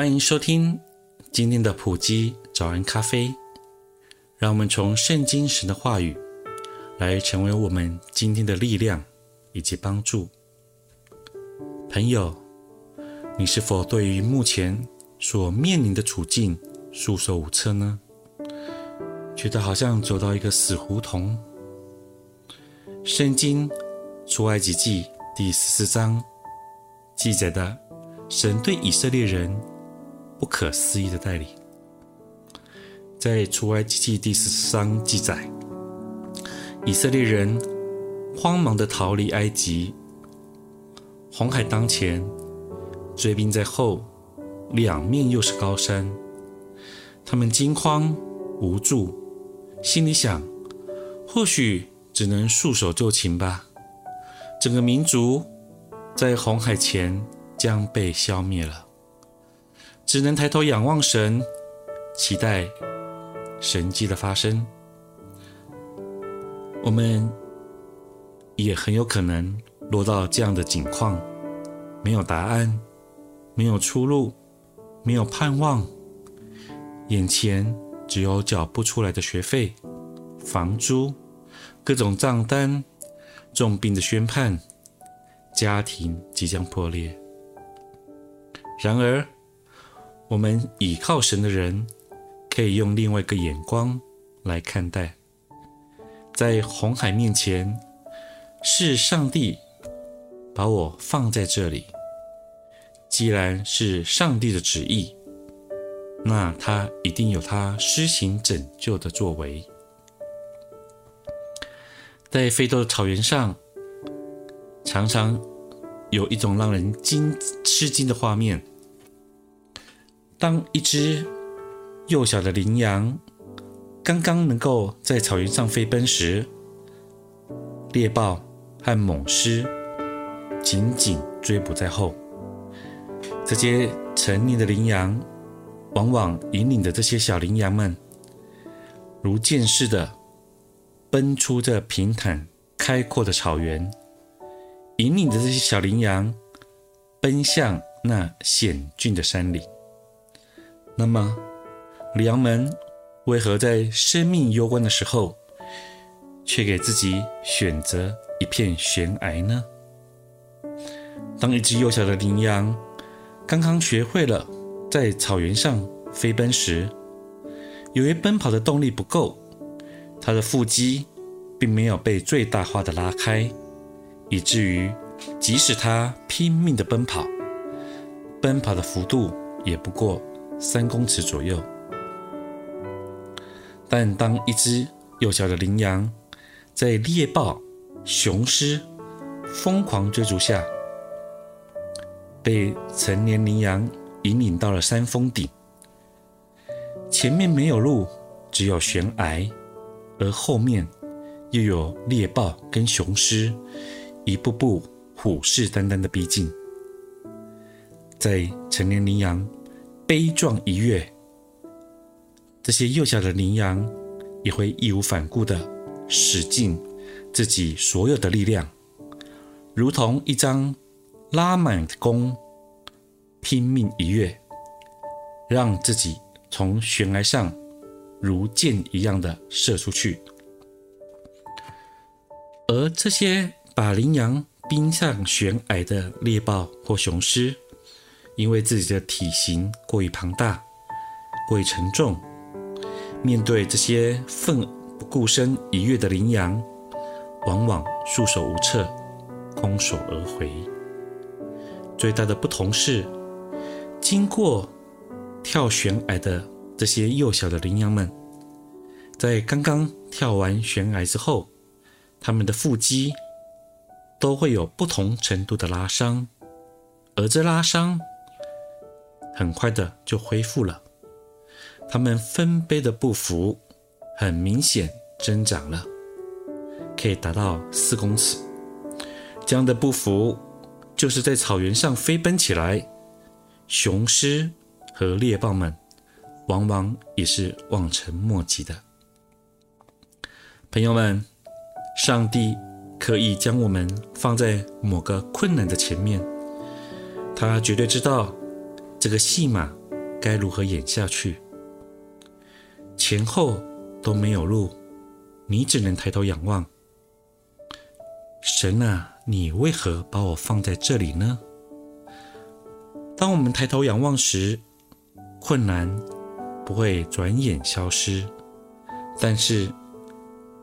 歡迎收聽今天的埔基早安咖啡，讓我們從聖經神的話語來成為我們今天的力量以及幫助。朋友，你是否對於目前所面臨的處境束手無策呢？覺得好像走到一個死胡同？聖經出埃及記第十四章記載的，神對以色列人。不可思議的帶領，在出埃及記，記第十四章記載，以色列人慌忙的逃離埃及，紅海當前，追兵在後，兩面又是高山，他們驚慌無助，心裡想：或許只能束手就擒吧。整個民族在紅海前將被消滅了。只能抬頭仰望神，期待神蹟的發生。我們也很有可能落到這樣的境況：沒有答案，沒有出路，沒有盼望，眼前只有繳不出來的學費、房租、各種賬單、重病的宣判，家庭即將破裂。然而，我們倚靠神的人，可以用另外一個眼光來看待。在紅海面前，是上帝把我放在這裡。既然是上帝的旨意，那他一定有他施行拯救的作為。在非洲的草原上，常常有一種讓人驚吃驚的畫面。當一隻幼小的羚羊剛剛能夠在草原上飛奔時，獵豹和猛獅緊緊追捕在後。這些成年的羚羊往往引領着這些小羚羊們，如箭似的奔出這平坦開闊的草原，引領着這些小羚羊奔向那險峻的山嶺。那麼，羚羊們為何在生命攸關的時候，卻給自己選擇一片懸崖呢？當一只幼小的羚羊剛剛學會了在草原上飛奔時，由於奔跑的動力不夠，它的腹肌並沒有被最大化的拉開，以至於即使它拼命的奔跑，奔跑的幅度也不過。三公尺左右，但當一隻幼小的羚羊在獵豹、雄獅瘋狂追逐下，被成年羚羊引領到了山峰頂，前面沒有路，只有懸崖，而後面又有獵豹跟雄獅，一步步虎視眈眈的逼近，在成年羚羊，悲壯一躍，這些幼小的羚羊也會義無反顧的使盡自己所有的力量，如同一張拉滿的弓，拼命一躍，讓自己從懸崖上如箭一樣的射出去。而這些把羚羊逼上懸崖的獵豹或雄獅，因為自己的體型過於龐大，過於沉重，面對這些奮不顧身一躍的羚羊，往往束手無策，空手而回。最大的不同是，經過跳懸崖的這些幼小的羚羊們，在剛剛跳完懸崖之後，它們的腹肌都會有不同程度的拉傷，而這拉傷，很快的就恢復了，他們分杯的步幅很明顯增長了，可以達到四公尺。這樣的步幅就是在草原上飛奔起來，雄獅和獵豹們往往也是望塵莫及的。朋友們，上帝可以將我們放在某個困難的前面，他絕對知道。這個戲碼該如何演下去？前後都沒有路，你只能抬頭仰望。神啊，你為何把我放在這裡呢？當我們抬頭仰望時，困難不會轉眼消失，但是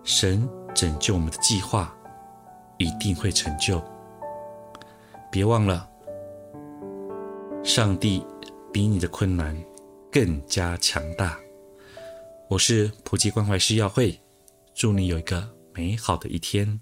神拯救我們的計劃一定會成就。別忘了。上帝比你的困難更加強大。我是埔基關懷師耀慧，祝你有一個美好的一天。